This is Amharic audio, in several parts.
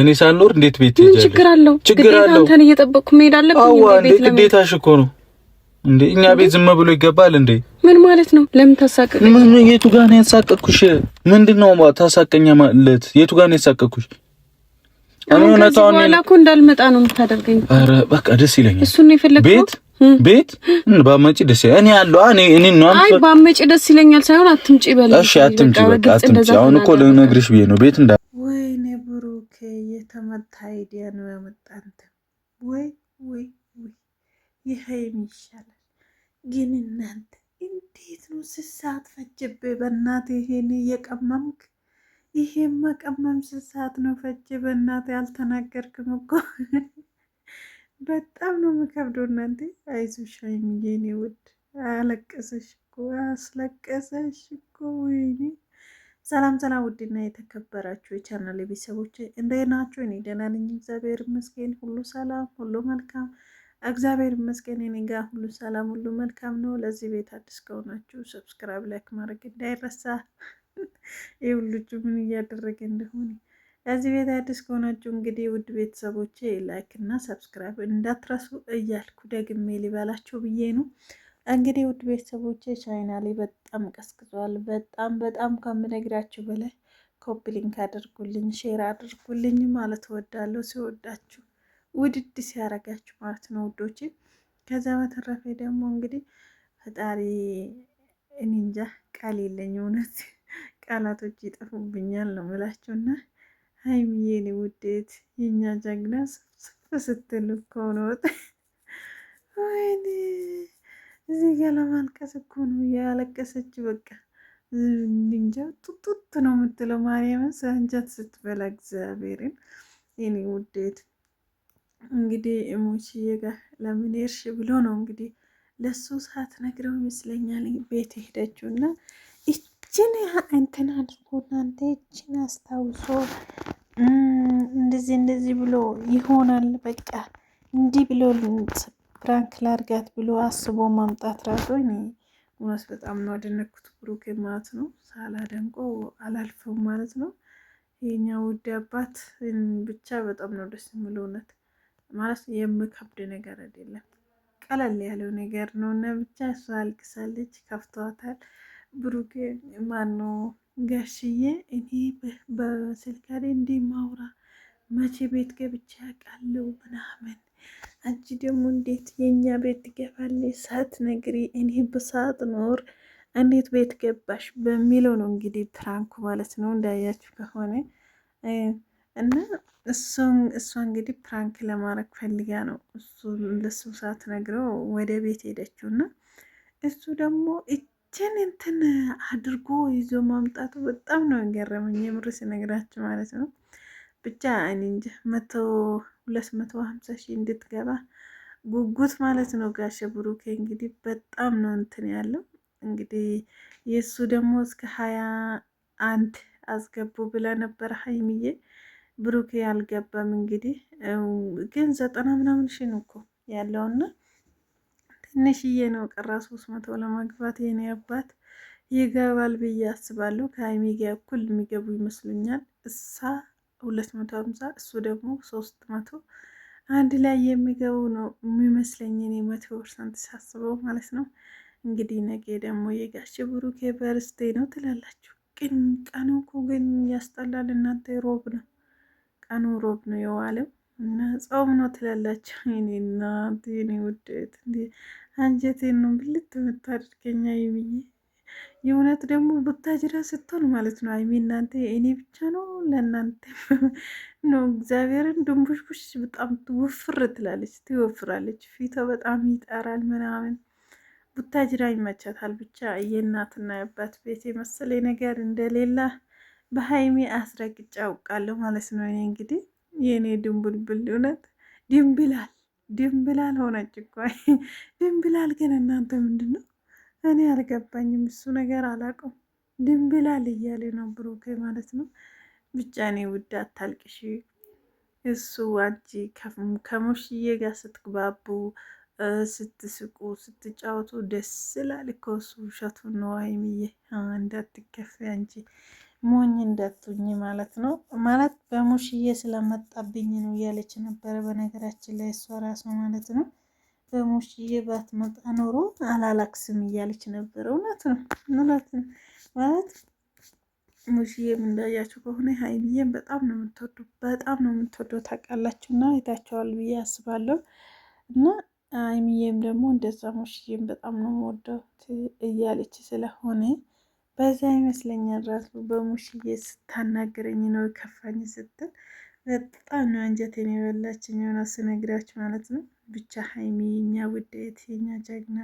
እኔ ሳልኖር እንዴት ቤት ትሄጃለሽ? ችግር አለው ችግር አለው። አንተን እየጠበቅኩ መሄድ አለብኝ። አዋ እንዴ ግዴታሽ እኮ ነው እንዴ። እኛ ቤት ዝም ብሎ ይገባል እንዴ? ምን ማለት ነው? ለምን ታሳቀቅ? ምን የቱ ጋር ነው ያሳቀቅኩሽ? ምንድነው ታሳቀኛ ማለት? የቱ ጋር ነው ያሳቀቅኩሽ? አሁን እውነታውን ነው ላኩ እንዳልመጣ ነው የምታደርገኝ። አረ በቃ ደስ ይለኛል። እሱ ነው የፈለግኩት ቤት ቤት ባመጪ ደስ ይለኛል። እኔ አለሁ እኔ እኔ ነው አይ ባመጪ ደስ ይለኛል ሳይሆን አትምጪ በለኝ። እሺ አትምጪ፣ በቃ አትምጪ። አሁን እኮ ልነግርሽ ብዬ ነው ቤት እንዳ የተመታ አይዲያ ነው ያመጣ ወይ ወይ ወይ ይሄም ይሻላል። ግን እናንተ እንዴት ነው ስሳት ፈጀቤ በእናት ይሄን እየቀመምክ ይሄ መቀመም ስሳት ነው ፈጀ። በእናት ያልተናገርክም እኮ በጣም ነው የምከብደው። እናንተ አይዞሽ ሀይሚዬ፣ የኔ ውድ አለቀሰሽ እኮ አስለቀሰሽ እኮ ወይኔ ሰላም ሰላም፣ ውድና የተከበራችሁ የቻናል ቤተሰቦች እንዴት ናችሁ? እኔ ደህና ነኝ፣ እግዚአብሔር ይመስገን። ሁሉ ሰላም፣ ሁሉ መልካም፣ እግዚአብሔር ይመስገን። እኔ ጋር ሁሉ ሰላም፣ ሁሉ መልካም ነው። ለዚህ ቤት አዲስ ከሆናችሁ ሰብስክራይብ፣ ላይክ ማድረግ እንዳይረሳ። ይህ ሁሉ ምን እያደረገ እንደሆነ ለዚህ ቤት አዲስ ከሆናችሁ እንግዲህ ውድ ቤተሰቦቼ ላይክ እና ሰብስክራይብ እንዳትረሱ እያልኩ ደግሜ ሊበላችሁ ብዬ ነው። እንግዲህ ውድ ቤተሰቦቼ ቻይና ላይ በጣም ቀስቅዟል። በጣም በጣም ከምነግራችሁ በላይ ኮፒ ሊንክ አድርጉልኝ፣ ሼር አድርጉልኝ ማለት እወዳለሁ። ሲወዳችሁ ውድድ ሲያረጋችሁ ማለት ነው ውዶች። ከዛ በተረፈ ደግሞ እንግዲህ ፈጣሪ እኔ እንጃ ቃል የለኝ እውነት ቃላቶች ይጠፉብኛል ነው ምላችሁ እና ሀይሚዬ የኔ ውዴት የኛ ጀግና ስፍ ስትል ከሆነ ወጥ ወይኔ እዚህ ጋ ለማልቀስ እኮ ነው ያለቀሰች። በቃ እንጃ ጡጡት ነው የምትለው ማርያምን ሳንጃት ስትበላ እግዚአብሔርን የኔ ውዴት እንግዲህ ሙችዬ ጋር ለምን ሄድሽ ብሎ ነው እንግዲህ ለሱ ሰዓት ነግረው ይመስለኛል ቤት ሄደችው እና እችን እንትን አድርጎ እናንተ እችን አስታውሶ እንደዚህ እንደዚህ ብሎ ይሆናል በቃ እንዲህ ብሎ ፕራንክ ላርጋት ብሎ አስቦ ማምጣት ራሶኝ እውነት በጣም ነው አደነኩት። ብሩክ ማለት ነው ሳላደንቆ አላልፈው ማለት ነው። የኛ ውድ አባት ብቻ በጣም ነው ደስ የሚል እውነት ማለት የምከብድ ነገር አይደለም፣ ቀለል ያለው ነገር ነው እና ብቻ እሷ አልቅሳለች፣ ከፍቷታል። ማን ነው ጋሽዬ እኔ በስልካሌ እንዲህ ማውራ መቼ ቤት ገብቼ አውቃለሁ ምናምን አንቺ ደግሞ እንዴት የእኛ ቤት ትገባለች ሳትነግሪ እኔ ብሳት ኖር እንዴት ቤት ገባሽ በሚለው ነው እንግዲህ ፕራንኩ ማለት ነው እንዳያችሁ ከሆነ እና እሷ እንግዲህ ፕራንክ ለማድረግ ፈልጋ ነው እሱ ለሱ ሳትነግረው ወደ ቤት ሄደችው እና እሱ ደግሞ እችን እንትን አድርጎ ይዞ ማምጣቱ በጣም ነው የገረመኝ የምር ስነግራችሁ ማለት ነው ብቻ እኔ እንጃ መቶ ሁለት መቶ ሀምሳ ሺህ እንድትገባ ጉጉት ማለት ነው። ጋሸ ብሩኬ እንግዲህ በጣም ነው እንትን ያለው እንግዲህ የእሱ ደግሞ እስከ ሀያ አንድ አስገቡ ብላ ነበር ሀይሚዬ ብሩኬ አልገባም። እንግዲህ ግን ዘጠና ምናምን ሺ ነው እኮ ያለውና ትንሽዬ ነው ቀራ ሶስት መቶ ለመግባት የኔ አባት ይገባል ብዬ አስባለሁ። ከሀይሚ ጋ እኩል የሚገቡ ይመስሉኛል እሳ ሁለት መቶ ሀምሳ እሱ ደግሞ ሶስት መቶ አንድ ላይ የሚገቡ ነው የሚመስለኝ እኔ መቶ ፐርሰንት ሳስበው ማለት ነው። እንግዲህ ነገ ደግሞ የጋሽ ብሩኬ በርስቴ ነው ትላላችሁ። ግን ቀኑ እኮ ግን ያስጠላል እናንተ። ሮብ ነው ቀኑ ሮብ ነው የዋለው እና ጾም ነው ትላላችሁ። እኔና ኔ ውደት አንጀቴን ነው ብልት የምታደርገኛ ይብዬ የእውነት ደግሞ ቡታጅራ ስትሆን ማለት ነው ሀይሚ እናንተ እኔ ብቻ ነው ለእናንተ ነው እግዚአብሔርን ድንቡሽቡሽ በጣም ወፍር ትላለች ትወፍራለች ፊቷ በጣም ይጠራል ምናምን ቡታጅራ ይመቻታል ብቻ የእናትና የአባት ቤት የመሰለ ነገር እንደሌላ በሀይሚ አስረግጫ አውቃለሁ ማለት ነው እኔ እንግዲህ የእኔ ድንቡልብል እውነት ድንብላል ድንብላል ሆነች እኮ ድንብላል ግን እናንተ ምንድን ነው እኔ አልገባኝም። እሱ ነገር አላውቅም። ድንብላል እያለ ነው ብሩኬ ማለት ነው። ብቻ እኔ ውድ አታልቅሽ። እሱ አንቺ ከሙሽዬ ጋር ስትግባቡ፣ ስትስቁ፣ ስትጫወቱ ደስ ይላል እኮ እሱ ውሸቱ ነው። ሀይሚዬ እንዳትከፊ አንቺ ሞኝ እንዳትኝ ማለት ነው። ማለት በሙሽዬ ስለመጣብኝ ነው እያለች ነበረ። በነገራችን ላይ እሷ ራሱ ማለት ነው ሙሽዬ ባትመጣ ኖሮ አላላክስም እያለች ነበር። እውነት ነው እውነት ነው ማለት ሙሽዬም እንዳያችሁ ከሆነ ሀይሚዬም በጣም ነው የምትወዱ በጣም ነው የምትወዱ ታውቃላችሁ፣ እና አይታችኋል ብዬ አስባለሁ። እና ሀይሚዬም ደግሞ እንደዛ ሙሽዬም በጣም ነው የምወደው እያለች ስለሆነ በዛ ይመስለኛል ራሱ በሙሽዬ ስታናገረኝ ነው ከፋኝ ስትል በጣም ነው አንጀቴን የበላችኝ የሆነ ስነግራችሁ ማለት ነው። ብቻ ሀይሚ የኛ ውዴት፣ የኛ ጀግና፣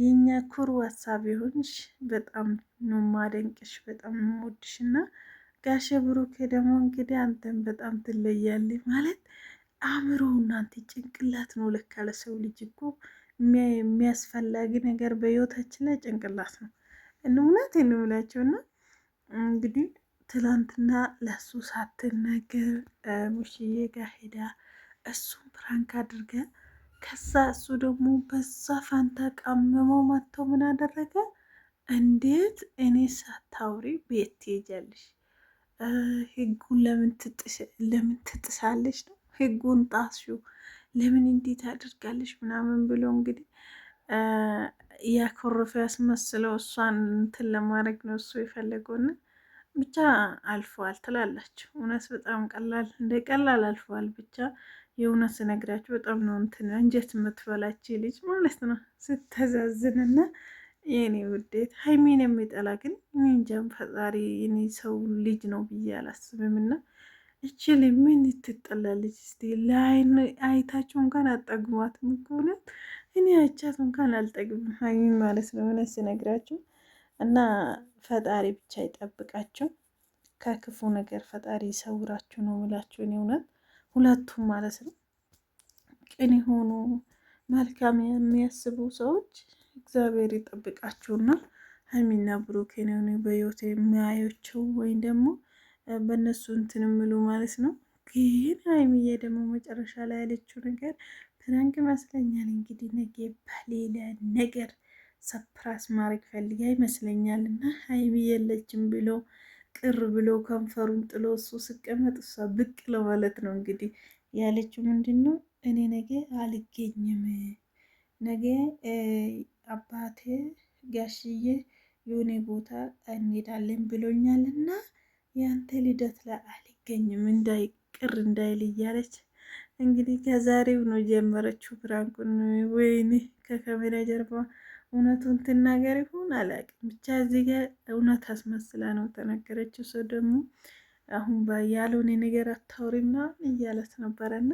የኛ ኩሩ ሀሳብ የሆንሽ በጣም ነው ማደንቅሽ፣ በጣም ነው የምወድሽ እና ጋሸ ብሩኬ ደግሞ እንግዲህ አንተን በጣም ትለያለ ማለት አእምሮ እናንተ ጭንቅላት ነው ለካ ለሰው ልጅ እኮ የሚያስፈላጊ ነገር በህይወታችን ላይ ጭንቅላት ነው። እንሙላት እንሙላቸው እና እንግዲህ ትላንትና ለሱ ሳትነግር ሙሽዬ ጋር ሄዳ እሱን ፕራንክ አድርገ ከዛ እሱ ደግሞ በዛ ፋንታ ቀምሞ መጥቶ ምን አደረገ? እንዴት እኔ ሳታውሪ ቤት ትሄጃለሽ? ህጉን ለምን ትጥሳለሽ? ነው ህጉን ጣስሹ ለምን እንዴት አድርጋለሽ? ምናምን ብሎ እንግዲህ ያኮረፈ ያስመስለው እሷን እንትን ለማድረግ ነው እሱ የፈለገውና ብቻ አልፈዋል ትላላችሁ። እውነት በጣም ቀላል እንደ ቀላል አልፈዋል። ብቻ የእውነት ስነግራችሁ በጣም ነው እንትን እንጀት የምትበላችሁ ልጅ ማለት ነው ስተዛዝንና የኔ ውዴት ሀይሜን የሚጠላ ግን እንጃም ፈጣሪ እኔ ሰው ልጅ ነው ብዬ አላስብም። እና እችል ምን ትጠላ ልጅ ስ ለአይን አይታችሁ እንኳን አጠግቧት ምክሆነት እኔ አይቻት እንኳን አልጠግብም ሀይሜን ማለት ነው እውነት ስነግራችሁ እና ፈጣሪ ብቻ ይጠብቃችሁ ከክፉ ነገር ፈጣሪ ይሰውራችሁ ነው ምላችሁ። እውነት ሁለቱም ማለት ነው። ቅን የሆኑ መልካም የሚያስቡ ሰዎች እግዚአብሔር ይጠብቃችሁና ሀይሚና ብሩኬን የሆኑ በህይወት የሚያዩቸው ወይም ደግሞ በእነሱ እንትን ምሉ ማለት ነው። ግን ሀይሚዬ ደግሞ መጨረሻ ላይ ያለችው ነገር ፕራንክ ይመስለኛል። እንግዲህ ነገ በሌላ ነገር ሰፕራስ ማድረግ ፈልጋ ይመስለኛል እና ሀይሚ የለችም ብሎ ቅር ብሎ ከንፈሩን ጥሎ እሱ ስቀመጥ እሷ ብቅ ለማለት ነው እንግዲህ ያለችው። ምንድን ነው እኔ ነገ አልገኝም፣ ነገ አባቴ ጋሽዬ የሆነ ቦታ እንሄዳለን ብሎኛል እና ያንተ ልደት ላይ አልገኝም እንዳይ ቅር እንዳይል እያለች እንግዲህ ከዛሬው ነው ጀመረችው ፍራንኩን። ወይኔ ከካሜራ ጀርባ እውነቱን ትናገር ይሁን አላውቅም፣ ብቻ እዚህ ጋር እውነት አስመስላ ነው ተናገረችው። ሰው ደግሞ አሁን ያልሆነ ነገር አታውሪ ምናምን እያለት ነበረና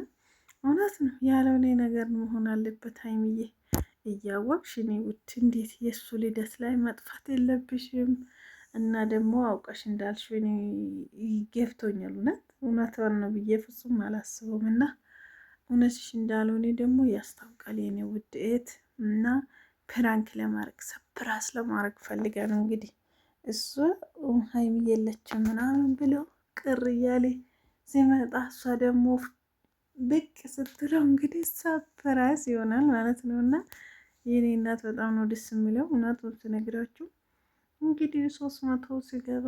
እውነት ነው ያልሆነ ነገር መሆን አለበት ሀይሚዬ እያወቅሽ እኔ ውድ እንዴት የእሱ ልደት ላይ መጥፋት የለብሽም። እና ደግሞ አውቀሽ እንዳልሽ ወይ ይገፍቶኛል። እውነት እውነቷን ነው ብዬ ፍጹም አላስበውም። እና እውነትሽ እንዳልሆነ ደግሞ ያስታውቃል የኔ ውድ እህት እና ፕራንክ ለማድረግ ሰፕራስ ለማድረግ ፈልጋል ነው እንግዲህ እሷ ሀይሚ የለችም ምናምን ብለው ቅር እያለ ሲመጣ እሷ ደግሞ ብቅ ስትለው እንግዲህ ሰፕራስ ይሆናል ማለት ነው። እና የኔ እናት በጣም ነው ደስ የሚለው እውነት ትነግራችሁ እንግዲህ ሶስት መቶ ሲገባ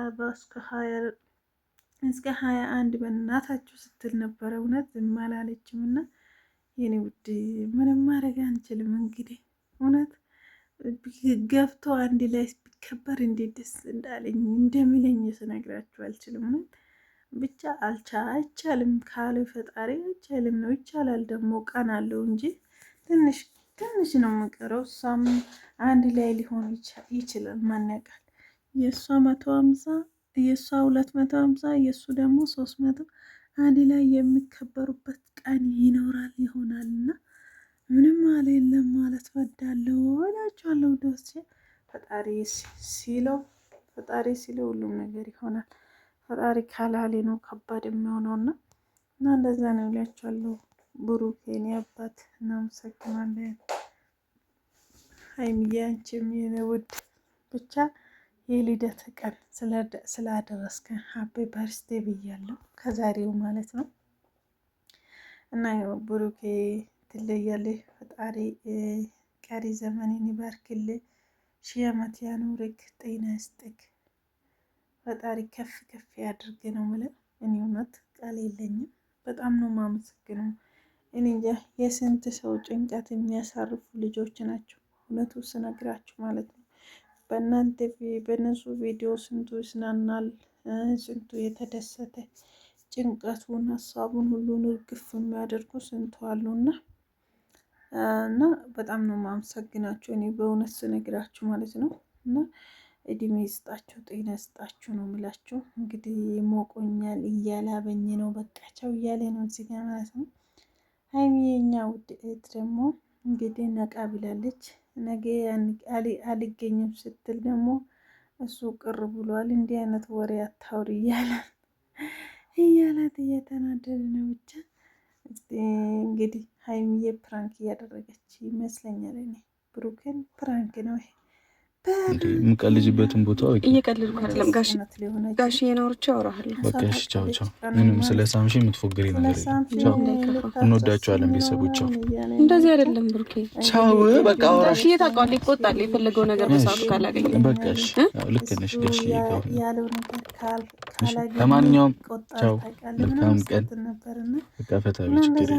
አባ እስከ ሀያ አንድ በእናታችሁ ስትል ነበረ። እውነት ዝም አላለችም እና የኔ ውድ ምንም ማድረግ አንችልም እንግዲህ እውነት ገብቶ አንድ ላይ ቢከበር እንዴት ደስ እንዳለኝ እንደሚለኝ ስነግራችሁ አልችልም። እውነት ብቻ አልቻ አይቻልም ካለ ፈጣሪ አይቻልም ነው። ይቻላል ደግሞ ቀን አለው እንጂ ትንሽ ትንሽ ነው የምቀረው። እሷም አንድ ላይ ሊሆን ይችላል። ማን ያውቃል? የእሷ መቶ ሀምሳ የእሷ ሁለት መቶ ሀምሳ የእሱ ደግሞ ሶስት መቶ አንድ ላይ የሚከበሩበት ቀን ይኖራል ይሆናል ይሆናልና ምንም አለ የለም ማለት ወዳለው እላችኋለሁ። ደስ ፈጣሪ ሲለው ፈጣሪ ሲለው ሁሉም ነገር ይሆናል። ፈጣሪ ካላሌ ነው ከባድ የሚሆነውና እና እንደዛ ነው እላችኋለሁ። ብሩክ የኔ አባት እናመሰግናለን። ሀይሚዬ አንቺም የኔ ውድ ብቻ የልደት ቀን ስላደረስከን ሀፒ በርስቴ ብያለሁ። ከዛሬው ማለት ነው እና ብሩኬ ትለያለህ። ፈጣሪ ቀሪ ዘመኔን ይባርክልህ፣ ሺህ ዓመት ያኑርክ፣ ጤና ይስጥክ፣ ፈጣሪ ከፍ ከፍ ያድርግ ነው የምለው። እኔ እውነት ቃል የለኝም። በጣም ነው የማመሰግነው። እኔ እንጃ የስንት ሰው ጭንቀት የሚያሳርፉ ልጆች ናቸው፣ እውነቱ ስነግራችሁ ማለት ነው። በእናንተ በነሱ ቪዲዮ ስንቱ ይስናናል ስንቱ የተደሰተ ጭንቀቱን ሀሳቡን ሁሉን እርግፍ የሚያደርጉ ስንቱ አሉና እና በጣም ነው ማመሰግናቸው እኔ በእውነት ስነግራችሁ ማለት ነው። እና እድሜ ይስጣችሁ፣ ጤና ይስጣችሁ ነው የምላችሁ። እንግዲህ ሞቆኛል እያለ ነው በቃቸው እያለ ነው እዚህ ጋር ማለት ነው። ሀይሚ የኛ ውድ እህት ደግሞ እንግዲህ ነቃ ብላለች። ነገ አልገኝም ስትል ደግሞ እሱ ቅር ብሏል። እንዲህ አይነት ወሬ አታውሪ እያላት እያላት እየተናደደ ነው ብቻ እንግዲህ ሀይሚዬ ፕራንክ እያደረገች ይመስለኛል። እኔ ብሩክን ፕራንክ ነው ይሄ የምቀልጅበትን ቦታ እየቀልድኩ አይደለም ጋሽ በቃ እሺ፣ ቻው ቻው። ምንም ስለ ሳምሽ የምትፎግሪ ነገር እንወዳቸዋለን ቤተሰቦች። ቻው። እንደዚህ አይደለም ብሩኬ፣ ቻው። በቃ ይቆጣል የፈለገው ነገር በሰዓቱ ካላገኘ። በቃ እሺ፣ ልክ ነሽ ጋሽ። ለማንኛውም ቻው፣ መልካም ቀን። በቃ ፈታ ችግር